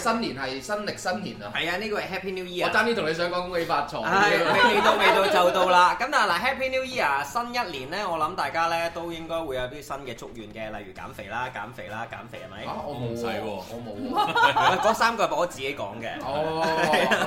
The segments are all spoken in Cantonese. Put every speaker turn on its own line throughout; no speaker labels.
新年係新歷新年啊！係啊、嗯，呢個係 Happy New Year。我爭啲同你想講恭喜發財。你未到未到就到啦。
咁啊嗱，Happy New Year，新一年咧，我諗大家咧都應該會有啲新嘅祝願嘅，例如減肥啦、減肥啦、減肥係咪、啊？我冇使、啊、我冇。嗰 三個係我自己講嘅。哦，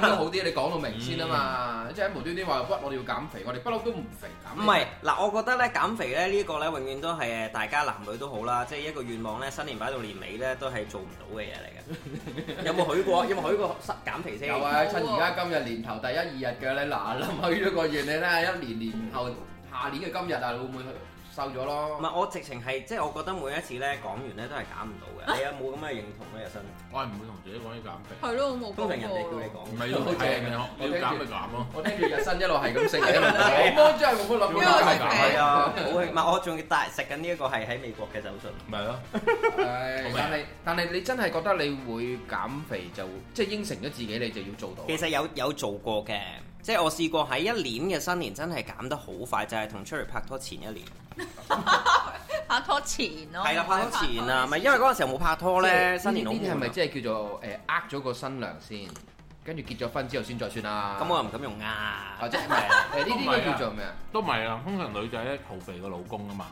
咁都好啲，你講到明先啊嘛。 即係無端端話不，我哋要減肥，我哋不嬲都唔肥減。唔係嗱，我覺得咧減肥咧呢個咧永遠都係誒大家男女都好啦，即係一個願望咧，新年擺到年尾咧都係做唔到嘅嘢嚟嘅。有冇許過？有冇許過減肥先？有啊！趁而家今日年頭第一二日嘅咧，嗱諗許咗個嘢你睇下，一年年後下年嘅今日啊，會唔會去？瘦咗咯，唔係我直情係即係我覺得每一次咧講完咧都係減唔到嘅。你有冇咁嘅認同咧？日新，我係唔會
同自己講要減肥。係咯，我冇。通常人哋叫你講，唔係咯，好正嘅要減去減咯。我聽住日新一路係咁食，一路幫住我冇諗過。邊係減啊？好，
唔係我仲要帶食緊呢一個係喺美國嘅手信。咪咯，但係但係你真係覺得你會減肥，就即係應承咗自己你就要做到。其實有有做過嘅。即係我試過喺一年嘅新年真係減得好快，就係、是、同 Cherry 拍拖前一年，
拍拖前咯、哦，係啦、啊，拍拖前
啊，咪、啊、因為嗰陣時候冇拍拖咧，是新年呢啲係咪即係叫做誒呃咗個新娘先，跟住結
咗婚之後先再算啦、啊？咁、嗯嗯、我又唔敢用啊，或
者係呢啲都叫做
咩啊？都唔係啊，通常女仔咧逃避個老公啊嘛。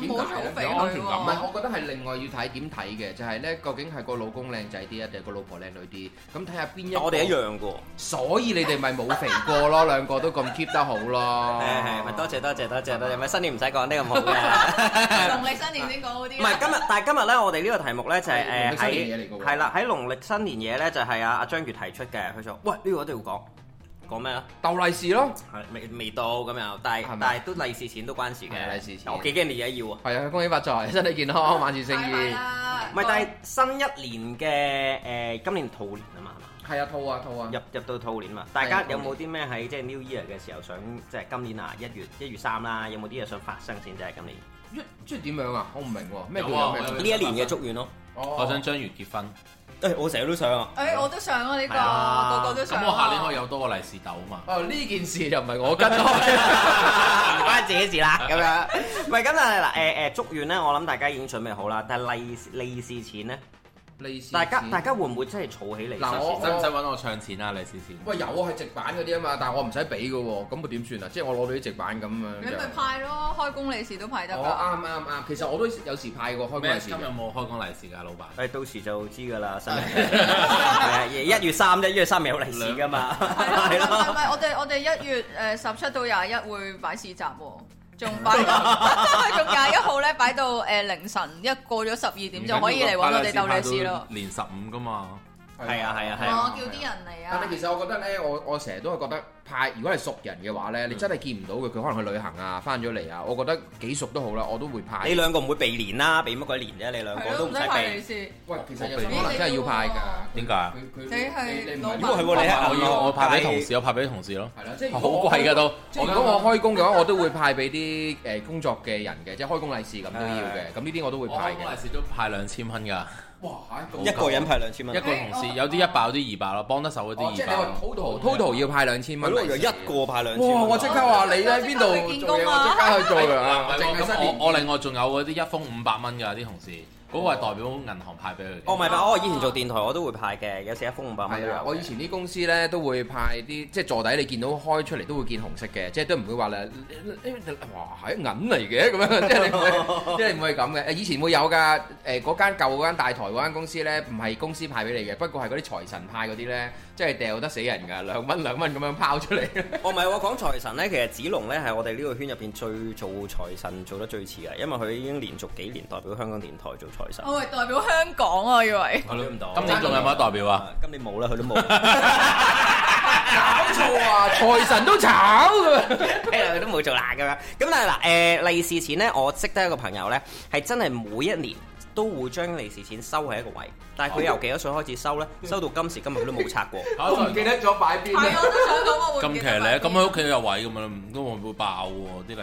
點解咧？安全感啊！我覺
得係另外要睇點睇嘅，就係咧，究竟係個老公靚仔啲啊，定係個老婆靚女啲？咁睇下邊一？我哋一樣
噶。所以你哋咪冇肥過咯，兩個都咁 keep 得好咯。誒，係咪多謝多謝多謝多謝，咪新年唔使講呢個冇嘅。農曆新年先講嗰啲。唔係今日，但係今日咧，我哋呢個題目咧就係誒喺係啦，喺農曆新年嘢咧就係阿阿張月提出嘅，佢就喂，呢個我都要講。講咩啊？鬥利是咯，未未到咁又，但係但係都利是錢都關事嘅。利是錢，我幾驚你而家要啊！係啊，恭喜發財，身體健康，萬事勝意。唔係，但係新一年嘅誒，今年兔年啊嘛，係啊，兔啊兔啊，入入到兔年嘛。大家有冇啲咩喺即係 New Year 嘅時候想即係今年啊？一月一月三啦，有冇啲嘢想發生先？即係今年。
即即點樣啊？我唔
明喎。咩？呢一年嘅祝願咯，我想張月結婚。誒，我成日都想啊！
誒、欸，對我都想啊，呢、這個個個都想、啊。咁我下年可以
有多個利是豆啊嘛！哦，呢件事就唔係我跟，唔關自己事啦，咁
樣。
唔係咁啊，嗱誒誒，祝願咧，我諗大家已經準備好啦，但係利利是錢咧。大家大家會唔會真係儲起嚟？嗱，我使唔使揾我唱錢
啊？利是錢？喂，有啊，係直板嗰啲啊嘛，但係我唔使俾㗎喎，咁佢點算啊？即係我攞到啲直板咁樣，你咪派
咯，開工利是都派得。啱啱啱，
其實我都有時派過開工利是。今日有冇開工利是㗎，老闆？誒，到時就知㗎啦，新年。一月三一月三咪有利是㗎嘛？係咯。唔
係我哋我哋一月誒十七到廿一會擺市集，仲擺，仲廿一號咧，擺到誒、呃、凌晨，一過咗十二點就可以嚟揾我哋鬥利是咯，
我年十五㗎嘛。係啊，係啊係啊！我叫啲人嚟啊！但係其實我覺得咧，我我成日都係覺得派，如果係熟人嘅話咧，你真係見唔到佢，佢可能去旅行啊，翻咗嚟啊，我覺得幾熟都好啦，我都會派。你
兩個唔會避年啦，避乜鬼年啫？你兩個都唔使避。喂，其實可能真係要派㗎？點解？你
係如果係喎，你派我要，我派俾同事，我派俾同事咯。係啦，即係好貴㗎都。如果我開工嘅話，我都會派俾啲誒工作嘅人嘅，即係開工利是咁都要嘅。咁呢啲我都會派嘅。開工利是都派兩千蚊㗎。哇！一個人派兩千蚊，一個同事有啲一百，有啲二百咯，幫得手嗰啲二百。即係你話 total，total 要派兩千蚊。一個派兩千蚊。哇！我即刻話你喺邊度做嘢，我即刻去做㗎啊。」咁我我另外仲有嗰啲一封五百蚊㗎啲同事。嗰個係代表銀行派俾佢哦，唔係，我、啊、以前做電台我都會派嘅，有時一封五百蚊。係啊，我以前啲公司咧都會派啲，即係座底，你見到開出嚟都會見紅色嘅，即係都唔會話咧、欸欸，哇係銀嚟嘅咁樣，即係唔係， 即係唔會咁嘅。誒，以前會有㗎。誒，嗰間舊嗰間大台嗰間公司咧，唔係公司派俾你嘅，不過係嗰啲財神派嗰啲咧。即係掉
得死人噶，兩蚊兩蚊咁樣拋出嚟。 哦，唔係我講財神咧，其實子龍咧係我哋呢個圈入邊最做財神做得最似噶，因為佢已經連續幾年代表香港電台做財神。我
係、哦、代表香港啊，以為。我
都唔代表。今年仲有冇得代表啊？啊今年冇啦，佢都冇。搞
錯 啊！
財神都炒㗎，佢、 嗯、都冇做啦咁樣。咁但係嗱，誒、呃、利是錢咧，我識得一個朋友咧，係真係每一年。都會將利是錢收喺一個位，但係佢由幾多歲開始收咧？收到今時今日佢都冇拆過， 都唔記得咗擺， 擺邊。係我
都想
期咧，咁你喺屋企有位咁樣，都會唔會爆啲、啊、利是？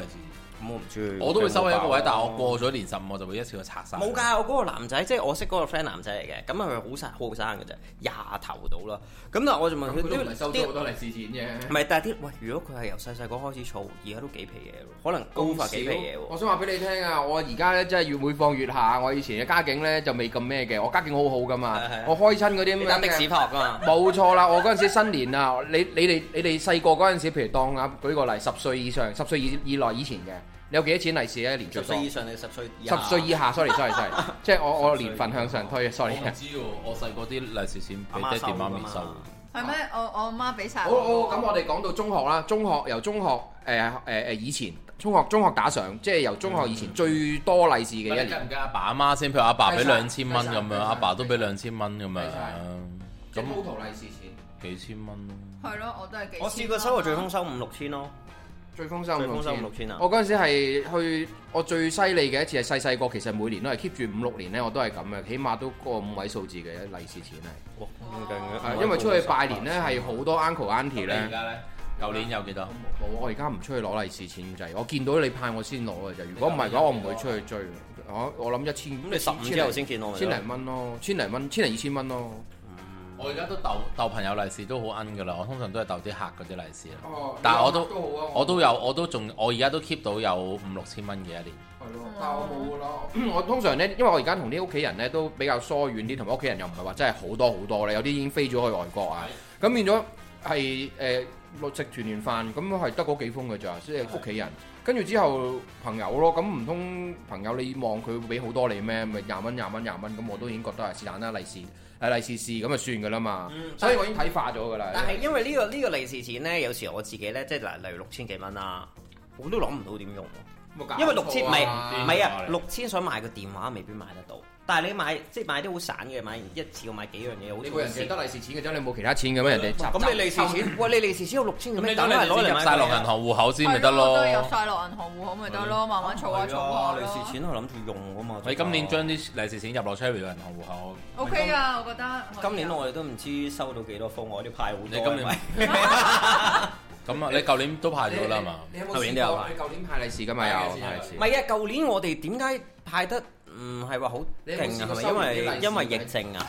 嗯、我唔知，我都會收喺一個位，嗯、但係我過咗年十五我就會一次過拆曬。冇㗎，我嗰個男仔即係我識嗰個 friend 男仔嚟嘅，咁啊咪好生好生㗎啫，廿頭到啦。咁嗱，我就問佢都唔係收咗好多利是錢啫。唔係，但係啲喂，如果佢係由細細個開始儲，而家都幾皮嘢咯，可能高翻幾皮嘢喎。我想
話俾你聽啊，我而家咧即係越會放月下，我以前嘅家境咧就未咁咩嘅，我家境好好㗎嘛。是的是的我開親嗰啲咩的士托㗎嘛。冇 錯啦，我嗰陣時新年啊，你你哋你哋細個嗰陣時，譬如當啊，舉個例，十歲以上、十歲以以內以前嘅。有幾多錢利是咧？一年最多十歲以上定十歲十歲以下？sorry，sorry，sorry，即係我我年份向上推，sorry。我唔知喎，我細個啲利是錢俾爹哋媽咪收。
係咩？我我阿媽俾晒。好，好，咁我哋
講到中學啦，中學由中學誒誒誒以前中學中學打上，即係由中學以前最多利是嘅一年。唔計阿爸阿媽先，譬如阿爸俾兩千蚊咁樣，阿爸都俾兩千蚊咁樣。咁高頭利是錢幾千蚊咯？係咯，我都係幾我試過收過最豐
收五六千咯。最豐收六千，我嗰
陣時係去我最犀利嘅一次係細細個，其實每年都係 keep 住五六年咧，我都係咁嘅，起碼都過五位數字嘅利是錢係。啊，因為出去拜年咧係好多 uncle auntie 咧。你而家咧？舊、啊、年有幾多、啊有？我我而家唔出去攞利是錢就係我見到你派我先攞嘅就，如果唔係嘅話我唔會出去追。啊，我諗一千，咁、啊、你十五之後先見我千零蚊咯，千零蚊，千零二千蚊咯。我而家都逗逗朋友利是都好奀噶啦，我通常都係逗啲客嗰啲利是啦。哦、但係我都、啊、我，我都有我都仲我而家都 keep 到有五六千蚊嘅一年。係咯、哦，夠好咯。我通常咧，因為我而家同啲屋企人咧都比較疏遠啲，同埋屋企人又唔係話真係好多好多咧，有啲已經飛咗去外國對啊。咁變咗係六食團年飯，咁係得嗰幾封嘅咋，所以屋企人。跟住之後朋友咯，咁唔通朋友你望佢會俾好多你咩？咪廿蚊廿蚊廿
蚊，咁我都已經覺得係是但啦利是。係利是錢咁就算㗎啦嘛，嗯、所以我已經睇化咗㗎啦。但係是了因為呢個呢個利是錢咧，有時我自己咧，即係例例如六千幾蚊啦，我都諗唔到點用因為六千未，唔係啊！六千想買個電話，未必買得到。但係你買，即係買啲好散嘅，買完一次要買幾樣嘢。好啲。個人嘅得利是錢嘅啫，你冇其他錢嘅咩？人哋咁你利是錢，哇！你利是錢有六千，咁你等嚟攞嚟入曬落銀行戶口先，咪得咯？有曬落銀行戶口
咪得咯？慢慢儲下儲。哇！利
是錢我諗住用啊嘛。你今年將啲利是錢入落 Cherry 銀行戶口？OK 啊，我覺得。今年我哋都唔知收到幾多封喎，啲派好今年咁啊！你舊年都派咗啦嘛？後邊有派。舊年派利是，今日有派利是。唔係啊！舊年我哋點解派得唔係話好勁啊？係咪？因為、啊、因為疫症啊。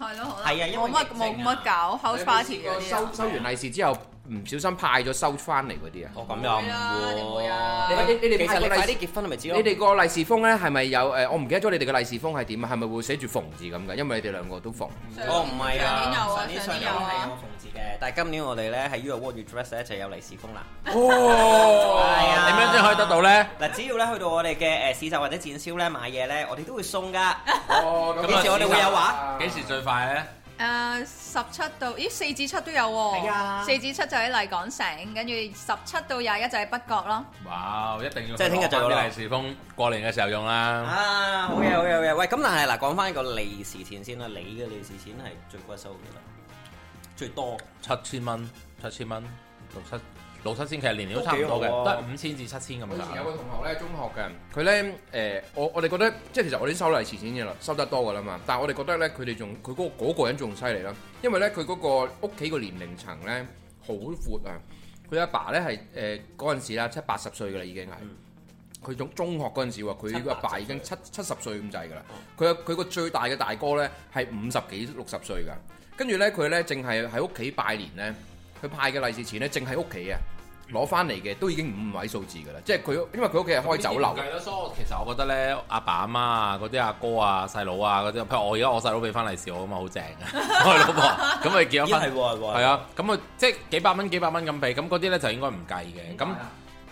係咯，
好啊，因為冇乜冇乜搞 house party 嗰收收
完利是之後。唔小心派咗收翻嚟嗰啲啊！哦，咁樣啊！你你你
哋其實你快啲結婚咪知
咯！你哋個利是封咧係咪有誒？我唔記得咗你哋個利是封係點啊？係咪會寫住馮字咁嘅？因為你哋兩個都馮。
哦，唔係啊！上年有啊，上年有係有馮字嘅，但係今年我哋咧係因為鑊魚 dress 咧就有利是封啦。哦，係啊！點樣先可以得到咧？嗱，只要咧去到我哋嘅誒市集或者展銷咧買嘢咧，我哋都會送噶。
哦，咁啊，幾時我哋會有
話？幾時最快咧？
誒十七到咦四至七都有喎，哦，四至七就喺麗港城，跟住十七到廿一就喺北角咯。
哇，wow，一定要即係聽日就有啲利是封，過年嘅時候用啦。啊，
好嘅好嘅好嘅。喂，咁但係嗱，講返個利是錢先啦，你嘅利，利是錢是錢係最骨騷嘅啦，最多
七千蚊，七千蚊六七。六七千，其
實年年都差唔多嘅，得五、啊、千至七千咁
樣啦。以前有個同學咧，中學嘅，佢咧誒，我我哋覺得，即係其實我哋收利是錢錢嘅啦，收得多嘅啦嘛。但係我哋覺得咧，佢哋仲佢嗰個人仲犀利咯，因為咧佢嗰個屋企個年齡層咧好闊啊。佢阿爸咧係誒嗰陣時啦，七八十歲嘅啦已經係。佢中、嗯、中學嗰陣時話，佢阿爸，爸已經七七十,七十歲咁滯嘅啦。佢佢、嗯、個最大嘅大哥咧係五十幾六十歲嘅，跟住咧佢咧淨係喺屋企拜年咧。佢派嘅利是錢咧，淨喺屋企啊攞翻嚟嘅，都已經五位數字噶啦，即係佢因為佢屋企係開酒樓。嘅、嗯。嗯嗯嗯、所其實我覺得咧，阿爸阿媽啊，嗰啲阿哥啊、細佬啊嗰啲，譬如我而家我細佬俾翻利是我咁嘛，好正嘅，我老婆，咁咪結咗婚係啊，咁咪即係幾百蚊、幾百蚊咁俾，咁嗰啲咧就應該唔計嘅。咁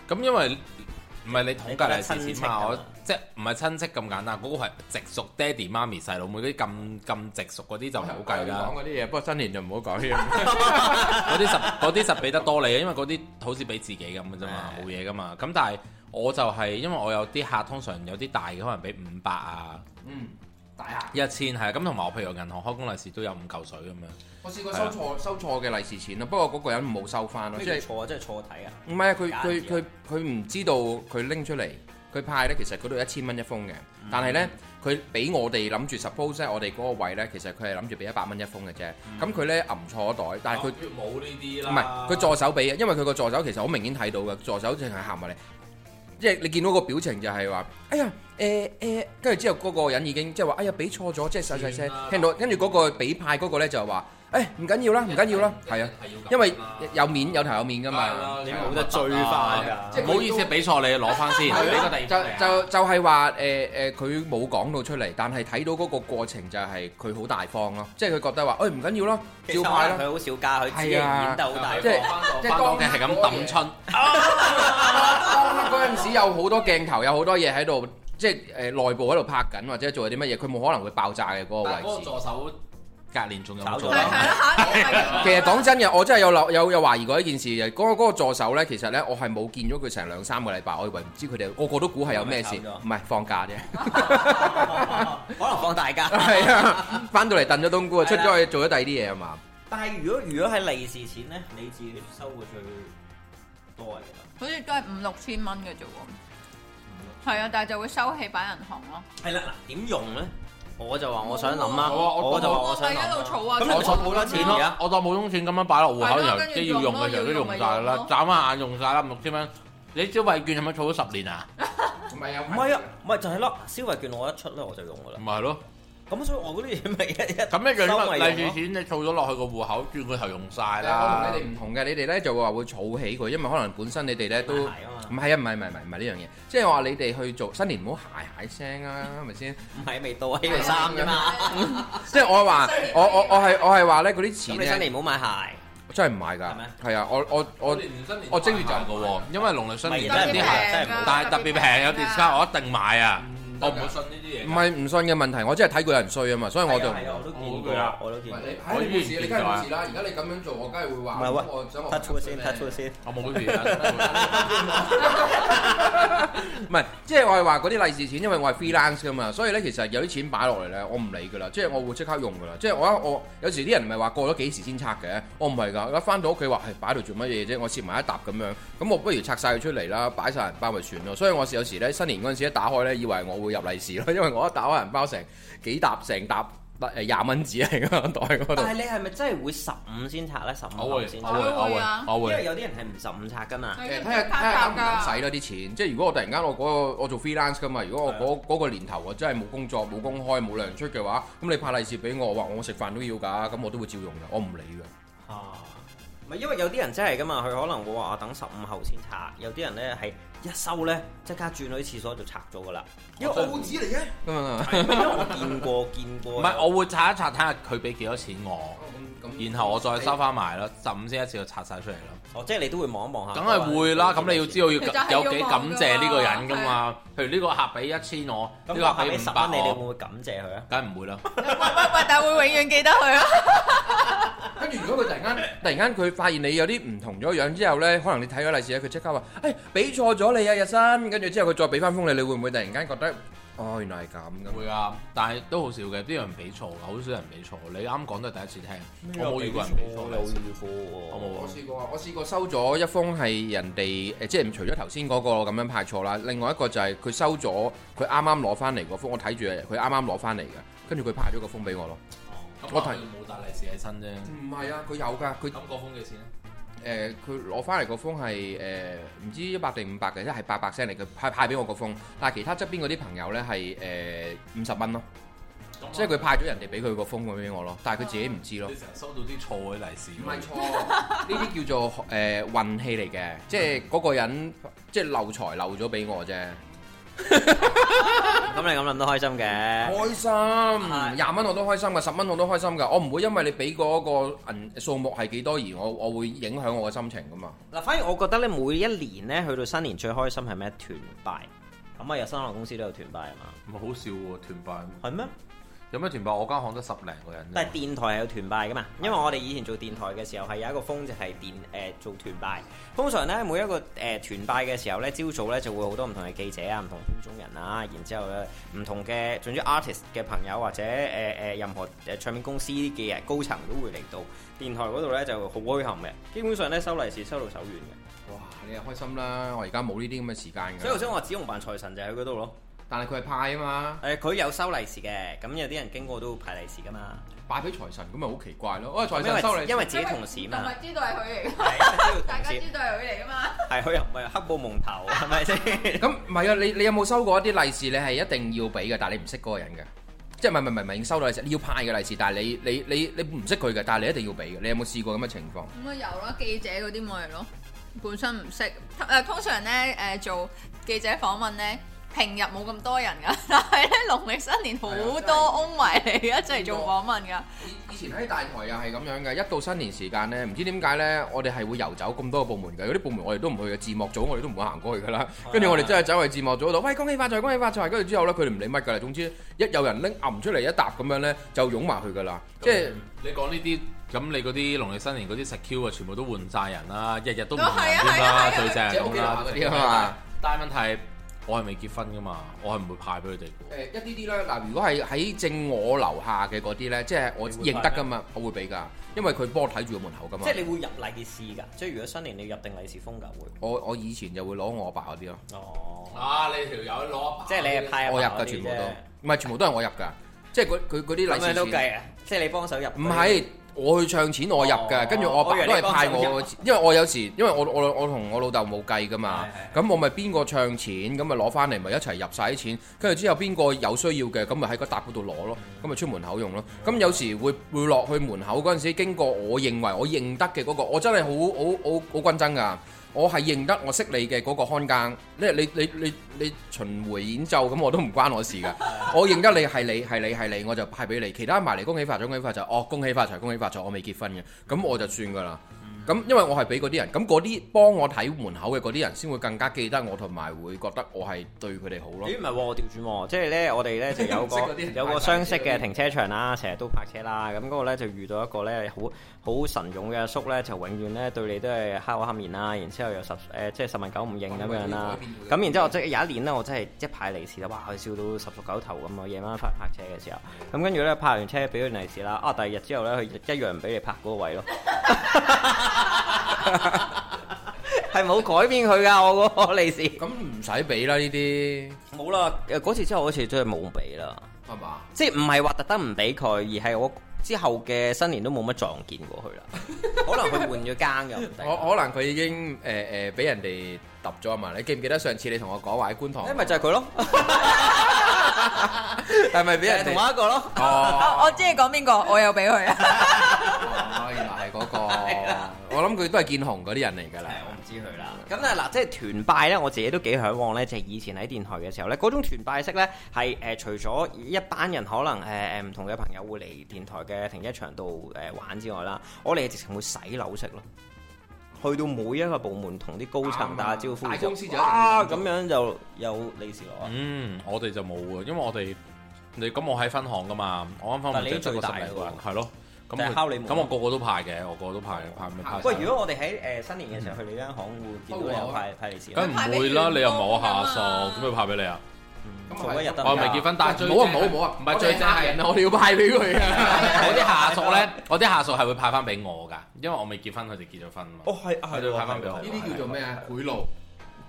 咁因為唔係你統計利是錢嘛，我。即唔係親戚咁簡單，嗰個係直屬爹哋媽咪細佬妹嗰啲咁，咁直屬嗰啲就係好計啦。講嗰啲嘢，不過新年就唔好講啦。嗰啲十嗰啲實俾得多你，因為嗰啲好似俾自己咁嘅啫嘛，冇嘢噶嘛。咁但係我就係因為我有啲客通常有啲大嘅可能俾五百啊，嗯，大客一千係啊，咁同埋我譬如銀行開工利是都有五嚿水咁樣。我試過收錯收錯嘅利是錢咯，不過嗰個人冇收翻咯。即係錯啊，即係錯睇啊。唔係啊，佢佢佢佢唔知道佢拎出嚟。佢派咧，其實佢都一千蚊一封嘅，但係咧，佢俾、嗯、我哋諗住 suppose 咧，我哋嗰個位咧，其實佢係諗住俾一百蚊一封嘅啫。咁佢咧揞錯袋，但係佢冇呢啲啦。唔係，佢助手俾啊，因為佢個助手其實好明顯睇到嘅，助手淨係行埋嚟，即係你見到個表情就係話，哎呀，誒、呃、誒，跟住之後嗰個人已經即係話，哎呀，俾錯咗，即係細細聲聽到，跟住嗰個俾派嗰個咧就話。誒唔緊要啦，唔緊要啦，係啊，因為有面有頭有面㗎嘛，你攪得最快㗎，唔好意思，俾錯你攞翻先，俾個第二集。就就係話誒誒，佢冇講到出嚟，但係睇到嗰個過程就係佢好大方咯，即係佢覺得話，誒唔緊要咯，照派咯。其實佢好少加，佢自己演得好大方，即係當嘅係咁揼春。當嗰陣時有好多鏡頭，有好多嘢喺度，即係誒內部喺度拍緊或者做啲乜嘢，佢冇可能會爆炸嘅嗰個位置。但係嗰個助手。隔年仲有搞出嚟，其實講真嘅，我真係有留有有懷疑過一件事。嗰嗰個助手咧，其實咧，我係冇見咗佢成兩三個禮拜，我以為唔知佢哋個個都估係有咩事，唔係放假啫，
可能放大
假。係啊，翻到嚟燉咗冬菇，出咗去做咗第二啲嘢啊嘛。
但係如果如果係利是錢咧，你自己收嘅最
多嚟啦，好似都係五六千蚊嘅啫喎，係啊，但係就會收起擺銀行咯。
係啦，嗱，點用咧？我就話我想諗
啦，
我就話我想諗。咁我儲冇得錢咯，
我當冇咗錢咁樣擺落戶口入邊，一要用嘅時候都用晒啦，眨下眼用晒啦，五六千蚊。你消費券係咪儲咗十年啊？
唔係啊，唔係啊，唔係就係咯，消費券我一出咧我就用噶啦。唔係咯。咁所以，
我嗰啲嘢咪一日收咪嘢咯。咁一樣嘅嘛，例如錢你儲咗落去個戶口，轉個頭用曬啦。我同你哋唔同嘅，你哋咧就會話會儲起佢，因為可能本身你哋咧都唔係啊，唔係唔係唔係唔係呢樣嘢。即係我話你哋去做新年唔好鞋鞋聲啊，係咪先？唔係，未到起嚟三㗎嘛。
即係我話，我
我我係我係話咧，嗰啲錢咧新年唔好買鞋。我真係唔買㗎，係啊，我我我新年我正月就嘅喎，因為農曆新年真係啲鞋真係唔好，但係特別平有 discount，我一定買啊！我唔信呢啲嘢，唔係唔信嘅問題，我只係睇過有人衰啊嘛，所以我就我都見佢啦，我都見。唔係你睇你故事，你梗係故事啦。而家你咁樣做，我梗係會話。唔係是我測錯先，測錯先。我冇事唔係，即係我係話嗰啲利是錢，因為我係 freelance 噶嘛，所以咧其實有啲錢擺落嚟咧，我唔理噶啦，即係我會即刻用噶啦。即係我我，我有時啲人唔係話過咗幾時先拆嘅，我唔係㗎。我翻到屋企話係擺度做乜嘢啫？我折埋一沓咁樣，咁我不如拆晒佢出嚟啦，擺晒人包埋算咯。所以我有時咧新年嗰陣時一打開咧，以為我會。入利是咯，因為我一打開銀包成幾疊、
成疊誒廿蚊紙喺個袋度。但係你係咪真係會十五先拆咧？十五先拆啊！我會我會會啊會，因為有啲人係唔十五拆噶嘛。誒睇下敢唔敢使啲錢？即係
如果我突然間我嗰、嗰個、我做 freelance 噶嘛？如果我嗰個年頭我真係冇工作、冇、嗯、工開、冇糧出
嘅話，咁你派利是俾我，話我食飯都要㗎，咁我都會照用㗎，我唔理㗎。啊！因為有啲人真係噶嘛，佢可能會話我等十五號先拆。有啲人咧係一收咧即刻轉去廁所就拆咗噶啦，因為澳紙
嚟嘅。我，因為我見過 因為我見過。唔係我會拆一拆睇下佢俾幾多錢我。然後我再收翻埋咯，十五先一次就拆晒出嚟咯。哦，即係你都會
望一望下。梗係會啦，
咁你，你要知道要，要有幾感謝呢個人噶嘛。譬、啊、如呢個客俾一千我，呢你、嗯、客俾五百，你，你會唔會感謝佢啊？梗係唔會啦。
喂喂喂，但係會永遠記得佢咯。
跟 住如果佢突然間，突然間佢發現你有啲唔同咗樣之後咧，可能你睇咗例子咧，佢即刻話：哎，俾錯咗你啊，日新。」跟住之後佢再俾翻封你，你會唔會突然間覺得？哦，原來係咁嘅。會啊，但係都好少嘅，邊有人俾錯嘅？好少人俾錯。你啱講都係第一次聽。我冇遇過人俾錯，我有遇過喎。我冇。我試過，我試過收咗一封係人哋誒，即係除咗頭先嗰個咁樣派錯啦，另外一個就係佢收咗佢啱啱攞翻嚟嗰封，我睇住係佢啱啱攞翻嚟嘅，跟住佢派咗個封俾我咯。
哦，咁佢冇帶利
是喺身啫。唔係啊，佢有㗎。佢咁個封幾錢啊？誒佢攞翻嚟個封係誒唔知一百定五百嘅，即係八百聲嚟佢派派俾我個封，但係其他側邊嗰啲朋友咧係誒五十蚊咯，即係佢派咗人哋俾佢個封咁俾我咯，但係佢自己唔知咯。成日收到啲錯嘅利是，唔係錯，呢啲叫做誒、呃、運氣嚟嘅，即係嗰個人即係漏財漏咗俾我啫。咁你咁諗都開心嘅，開心？廿蚊我都開心噶，十蚊我都開心噶，我唔會因為你俾嗰個銀數目係幾多而我
我會影響我嘅心情噶嘛。嗱，反而我覺得咧，每一年咧去到新年最開心係咩？團拜。咁啊日新公司都有團拜啊嘛。唔係好笑喎，團拜係咩？有咩團拜？我間行得十零個人。但係電台係有團拜㗎嘛，因為我哋以前做電台嘅時候係有一個風就係電誒、呃、做團拜。通常咧每一個誒、呃、團拜嘅時候咧，朝早咧就會好多唔同嘅記者啊、唔同觀眾人啊，然之後咧唔同嘅總之 artist 嘅朋友或者誒誒、呃呃、任何誒唱片公司嘅人，高層都會嚟到電台嗰度咧就好墟冚嘅。基本上咧收利是收到手軟嘅。哇！你係開心啦，我而家冇呢啲咁嘅時間㗎。所以所以話紫紅扮財神就喺嗰度咯。但係佢係派啊嘛，誒佢有收利是嘅，咁有啲人經過都會派利是噶嘛，派俾財神咁咪好奇怪咯？我財神收利是，因為因為自己同事嘛，大家知
道係佢嚟嘅，大家知道係佢嚟噶嘛，
係佢又唔係黑布蒙頭，係咪
先？咁唔係啊？你你有冇收過一啲利是？你係一定要俾嘅，但係你唔識嗰個人嘅，即係唔係唔唔係收到利是？你要派嘅利是，但係你你你你唔識佢嘅，但係你一定要俾嘅。你有冇試過咁嘅情況？咁
啊有咯，記者嗰啲咪咯，本身唔識誒，通常咧誒做記者訪問咧。平日冇咁多人噶，但係咧農曆新年好多翁迷嚟一齊做訪問噶。以
前喺大台又係咁樣嘅，一到新年時間咧，唔知點解咧，我哋係會遊走咁多個部門嘅。嗰啲部門我哋都唔去嘅，字幕組我哋都唔會行過去噶啦。跟住的我哋真係走喺字幕組度，喂，恭喜發財，恭喜發財。跟住之後咧，佢哋唔理乜噶啦。總之一有人拎揞出嚟一沓咁樣咧，就擁埋去噶啦。即係那、就是、你講呢啲，咁你嗰啲農曆新年嗰啲 secure 啊，全部都換晒人啦，日日都換人啦，最正咁啦，嗰啲啊嘛。實的但係問題。我係未結婚噶嘛，我係唔會派俾佢哋。誒、呃、一啲啲咧，嗱如果係喺正我樓下嘅嗰啲咧，即係我認得噶嘛，會我會俾噶，因為佢幫我睇住個門口噶嘛。即係你會
入利是噶，即係如果新年你入定利是風格會。
我我以前就會攞我阿爸嗰啲咯。哦，
啊你條友攞，即係你係派我入㗎全部都，
唔係已全部都係我入㗎，即
係佢啲利是是是。咩都計啊！即係你幫手入。唔係。
我去唱錢我入嘅，跟住我爸爸都係派我，因為我有時因為我我我同我老豆冇計噶嘛，咁的我咪邊個唱錢，咁咪攞翻嚟，咪一齊入晒啲錢，跟住之後邊個有需要嘅，咁咪喺個搭嗰度攞咯，咁咪出門口用咯，咁有時會會落去門口嗰陣時，經過我認為我認得嘅嗰個，我真係好好好好均真噶。我係認得我識你嘅嗰個看更，你你你你巡迴演奏咁我都唔關我事噶，我認得你係你係你係你，我就派俾你。其他埋嚟恭喜發財，恭喜發財哦，恭喜發財，恭喜發財，我未結婚嘅，咁我就算噶啦。咁因為我係俾嗰啲人，咁嗰啲幫我睇門口嘅嗰啲人，先會更加記得我同埋會覺得我係對佢哋好咯。咦，唔係喎，
調、哦、轉喎、哦，即係咧我哋咧 就有個 有個相識嘅停車場啦，成日 都拍車啦。咁、那、嗰個咧就遇到一個咧好好神勇嘅阿叔咧，就永遠咧對你都係黑口黑面啦，然之後又十誒、呃、即係十問九唔應咁樣啦。咁然之後即有一年咧，我真係一派利是啦，哇佢笑到十俗九頭咁啊！夜晚翻拍車嘅時候，咁跟住咧拍完車俾佢利是啦，啊第二日之後咧佢一樣俾你拍嗰個位咯。 係冇改變佢噶，我嗰個利是。咁唔使俾啦呢啲，冇啦。誒，嗰次之後好似真係冇俾啦，係嘛？即係唔係話特登唔俾佢，而係我之後嘅新年都冇乜撞見過佢啦。可能佢換咗間噶，我可能佢已經誒誒俾人哋揼咗啊嘛。你記唔記得上次你同我
講話喺觀塘？咁咪就係佢咯，係咪俾另外一個咯？哦，
我知你講邊個，我有俾佢啊。
我諗佢都係建行嗰啲人嚟噶啦，我唔知佢啦。咁啊嗱，即係團拜咧，我自己都幾向往咧。就係以前喺電台嘅時候咧，嗰種團拜式咧，係、呃、誒除咗一班人可能誒誒唔同嘅朋友會嚟電台嘅停車場度誒、呃、玩之外啦，我哋直情會洗樓式咯。去到每一個部門同啲高層打招呼，大公司就打打啊咁樣就有利是咯。嗯，我哋就冇嘅，因為我哋你咁我喺分行噶嘛，
我啱分行。最大嗰個人，人，係咯。咁我個個都派嘅，我個個都派派咩派？喂，如果
我哋喺誒新年嘅時候去你間行，會見到你有派派利是？梗唔會啦，你又冇下
屬，點會派俾你啊？日，我未結婚，但係冇啊冇啊冇啊！唔係最正係人啊，我哋要派俾佢啊！我啲下屬咧，我啲下屬係會派翻俾我㗎，因為我未結婚，佢哋結咗婚嘛。哦，係係，派翻俾我呢啲叫做咩啊？賄賂。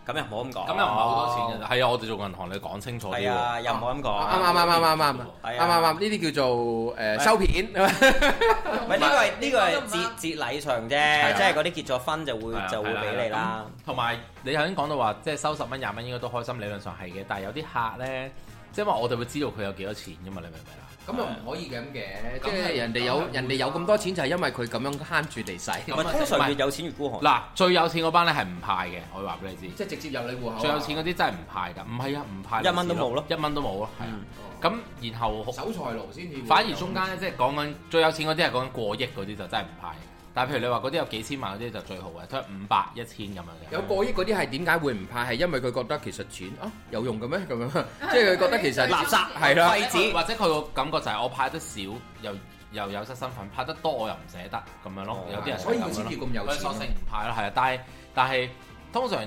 咁又唔好咁講，咁又唔係好多錢嘅，係啊！我哋做銀行，你講清楚啲啊，又唔好咁講，啱啱啱啱啱啱，啱啱啱呢啲叫做誒收片，唔係呢個係呢個係節節禮場啫，即係嗰啲結咗婚
就會就會俾你啦。同埋
你頭先講到話，即係收十蚊廿蚊應該都開心，理論上係嘅，但係有啲客咧，即係我哋會知道佢有幾多錢噶嘛，你明唔明啊？咁又唔可以咁嘅，即係人哋有，人哋有咁多錢就係因為佢咁樣慳住地使。唔係，即係越有錢越孤寒。嗱，最有錢嗰班咧係唔派嘅，我可以話俾你知。即係直接入你戶口。最有錢嗰啲真係唔派㗎，唔係啊，唔派一蚊都冇咯，一蚊都冇咯，係。咁然後守財奴先至。反而中間咧，即係講緊最有錢嗰啲係講緊過億嗰啲就真係唔派。但係譬如你話嗰啲有幾千萬嗰啲就最好嘅，都係五百一千咁樣嘅。有過億嗰啲係點解會唔派？係因為佢覺得其實錢啊有用嘅咩咁樣，即係佢覺得其實垃圾係咯了，或者佢個感覺就係我派得少又又有失身份，派得多我又唔捨得咁樣咯。哦、有啲人所以要千條咁有錢，索性唔派啦。係啊，但係但係通常誒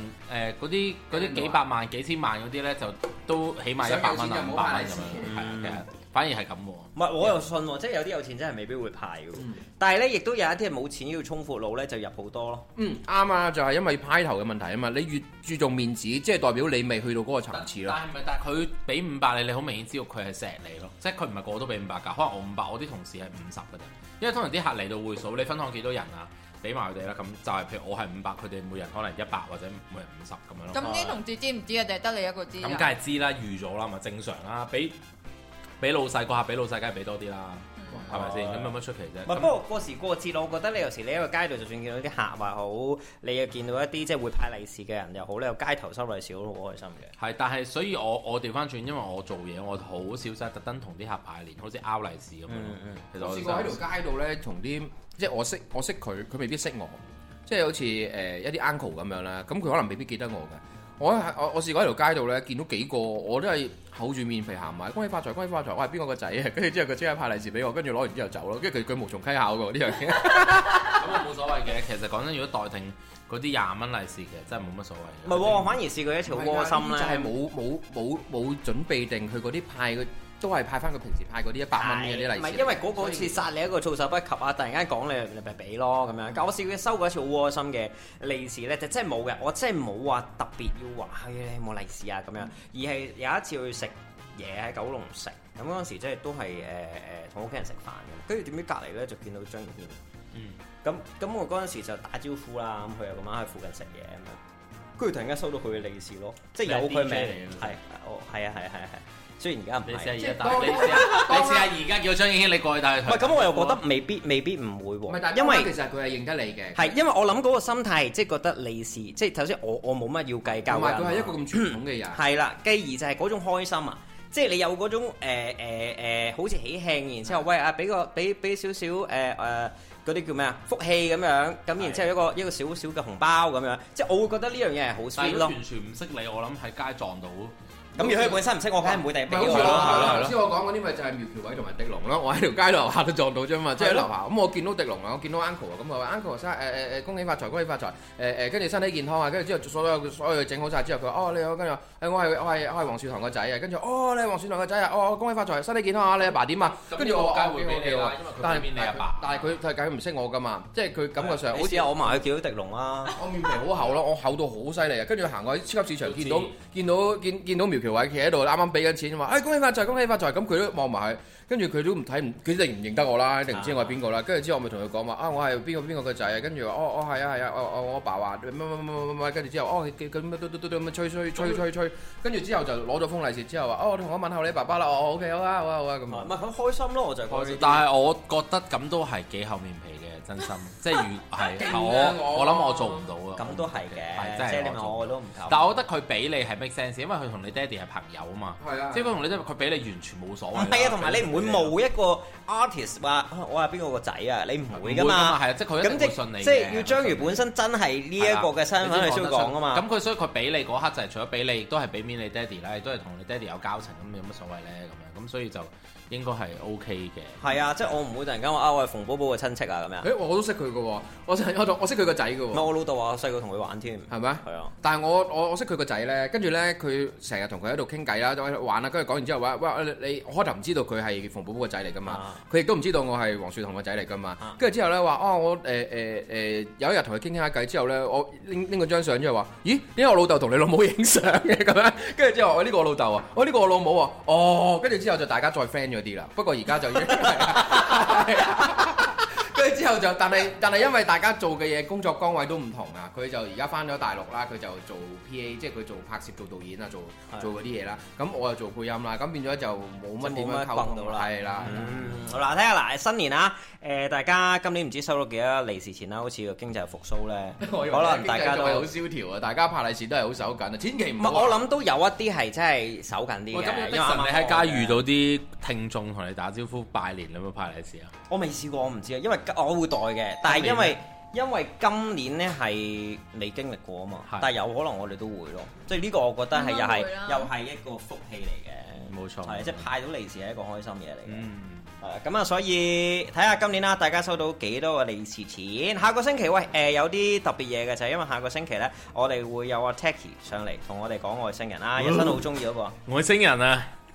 嗰啲嗰啲幾百萬幾千萬嗰啲咧，就都起碼一百蚊啊五百蚊咁樣係啊。反而係咁喎，
唔係我又信喎、啊，即係有啲有錢真係未必會派嘅，嗯、但係咧亦都有一啲係冇錢要充闊佬咧就入好多咯、
啊。嗯，啱啊，就係、是、因為派頭嘅問題啊嘛，你越注重面子，即係代表你未去到嗰個層次咯。但係佢俾五百你，你好明顯知道佢係錫你咯，即係佢唔係個個都俾五百噶，可能我五百，我啲同事係五十嘅啫。因為通常啲客嚟到會所，你分享幾多人啊？俾埋佢哋啦，咁就係譬如我係五百，佢哋每人可能一百或者每人五十咁樣咯。咁啲、嗯、同
事知唔知啊？就係得你一個知。咁梗係
知啦，預咗啦，咪正常啦，俾。俾老細個客俾老細，梗係俾多啲啦，係咪先？咁有乜出奇啫？唔係，但不過過時過節啦，我覺得你有時你喺個街度，就算見到啲客話好，你又見到一啲即係會派利是嘅人又好你有街頭收利是，好好開心嘅。係，但係所以我我調翻轉，因為我做嘢，我好少真係特登同啲客拜年，好似拗利
是咁樣。其實我試過喺條街度咧，同啲即係我識我識佢，佢未必識我，即係好似誒一啲 uncle 咁樣啦。咁佢可能未必記得我嘅。我我我試過喺條街度咧，見到幾個，我都係厚住面皮行埋，恭喜發財，恭喜發財。我係邊個個仔啊？跟住之後佢即刻派利是俾我，跟住攞完之後走咯。跟住其實佢無從稽考嘅，呢樣嘢咁啊，冇所謂嘅。其實講真，如果待定嗰啲廿蚊利是，其實真係冇乜所謂。唔係，我反而試過一條窩心啦，就係
冇冇冇冇準備定佢嗰啲派嘅。都係派翻佢平時派嗰啲一百蚊嘅啲利是。唔係因為嗰個一次殺你一個措手不及啊！以突然間講你，你咪俾咯咁樣。搞笑嘅收過一次好窩心嘅利是咧，就真係冇嘅。我真係冇話特別要話，嘿、哎，你有冇利是啊？咁樣，而係有一次去食嘢喺九龍城，咁嗰陣時即係都係誒誒同屋企人食飯。跟住點知隔籬咧就見到張顯，嗯，咁咁我嗰陣時就打招呼啦。咁佢又咁啱喺附近食嘢咁樣，跟住突然間收到佢嘅利是咯，即係有佢名，係哦，係啊，係啊，係啊，係。雖然而家唔畀，你試下而家叫張敬軒你過去帶佢。喂、啊，咁、啊、我又覺得未必，我未必唔會喎、啊。哥哥因為其
實佢係認得你嘅。係，
因為我諗嗰個心態，即、就、係、是、覺得利是，即係頭先我我冇乜要計較嘅。佢係一個咁傳統嘅人。係 啦，繼而就係嗰種開心啊，即、就、係、是、你有嗰種誒誒、呃呃呃、好似喜慶然，然之後喂啊，俾個俾俾少少誒誒。嗰啲叫咩啊？福氣咁樣，咁然之後一個一個小小嘅紅包咁樣，即係我會覺得呢樣嘢係好少咯。完全唔識你，我諗喺街撞到。咁而佢本身唔識我，梗係唔會第日見我啦。唔知我講嗰啲咪就係苗
僑偉同埋狄龍咯？我喺條街度樓下都撞到啫嘛。即係樓下咁，我見到狄龍啊，我見到 Uncle 啊，咁我話 Uncle，誒誒誒，恭喜發財，恭喜發財，誒誒，跟住身體健康啊，跟住之後所有所有整好曬之後，佢話哦你好，跟住我係我係我係黃樹棠個仔啊，跟住哦你黃樹棠個仔啊，哦恭喜發財，身體健康啊，你阿爸點啊？跟住我梗會俾你，但係面你阿爸，但係佢就係咁。唔識我噶嘛，即係佢感覺上、哎、好似像我埋去叫迪龍啦，我面皮好厚咯， 我厚到好犀利啊！跟住行過喺超級市場，見到見到見見到苗僑偉企喺度，啱啱俾緊錢啊嘛，哎，恭喜發財，恭喜發財，咁佢都望埋去。跟住佢都唔睇，佢一定唔認得我啦，一定唔知我係邊個啦。 啊、跟住之後我咪同佢講話，啊我係邊個邊個嘅仔。啊。跟住話，哦哦係啊係啊，哦哦、啊、我阿爸話乜乜乜乜乜，跟住之後，哦佢咁咁咁吹吹吹吹吹，跟住之後就攞咗封利是，之後話，哦、啊、我同我問候你爸爸啦，哦 OK 好啦好，好，好啊好啊咁。唔係，佢開心咯，我就係開心。但係是 但 我覺得咁都係幾厚面皮。真心，即係如係我，我諗我做唔到啊！咁都係嘅，即係你問我我都唔敢。但係我覺得佢俾你係 make sense，因為佢同你爹哋係朋友啊嘛。係啊，即係佢同你爹，佢俾你完全冇所謂。係啊，同埋你唔會冒一個 artist 話我係邊個個仔啊！你唔會㗎嘛？係啊，即係佢一定會信你。即係要章魚
本身真係呢一個嘅身份去講啊嘛。
咁佢所以佢俾你嗰刻就係除咗俾你，都係俾面你爹哋啦，都係同你爹哋有交情咁，有乜所謂咧？咁樣咁所以就。應該係 O K 嘅。
係啊，即係我唔會突然間話啊，我係馮寶寶嘅親戚啊咁樣。誒、欸，我都識佢嘅喎，我，我識我同我識佢個仔嘅喎。我老豆嗎是啊我，細個同佢玩添，係咪是啊？啊。但係我我我識佢個仔咧，呃呃呃呃、跟住咧佢
成日同佢喺度傾偈啦，玩啦，跟住講完之後話喂，你我開頭唔知道佢係馮寶寶嘅仔嚟噶嘛，佢亦都唔知道我係黃雪同嘅仔嚟噶嘛，跟住之後咧話哦，我誒誒誒有一日同佢傾傾下偈之後咧，我拎拎個張相之後話，咦點解我老豆同你老母影相嘅咁樣？跟住之後我呢個老豆啊，欸、我呢個、欸、老母啊，哦、欸，跟住之後就大家再啲啦，不過而家就，跟住之後就，但係但係因為大家做嘅嘢工作崗位都唔同啊，佢就而家返咗大陸啦，佢就做 PA，即係佢做拍攝、做導演啊，做
做嗰啲嘢啦。咁我又做配音、嗯、啦，咁變咗就冇乜點樣溝通啦。係啦，好啦，睇下嗱新年啊，誒、呃、大家今年唔知收到幾多利是錢啦，好似個經濟復甦咧，我可能經濟都大家都係好蕭條啊，大家派利是都係好手緊啊，千祈唔好。我諗都有一
啲係真係手緊
啲嘅，我因為剛剛好好你喺街遇
到啲。聽眾同你打招呼拜
年你有冇派利是啊？我未試過，我唔知啊。因為我會代嘅，但係因為因為今年呢係未經歷過啊嘛，是的 但係有可能我哋都會咯。即係呢個我覺得係會、啊、又係又係一個福氣嚟嘅，冇錯。係即係派到利是係一個開心嘢嚟。嘅。係咁啊，所以睇下今年啦，大家收到幾多個利是錢？下個星期喂誒、呃、有啲特別嘢嘅就係、是、因為下個星期呢，我哋會有阿 Tacky 上嚟同我哋講外星人、嗯、啊，日新好中意嗰個
外星人啊！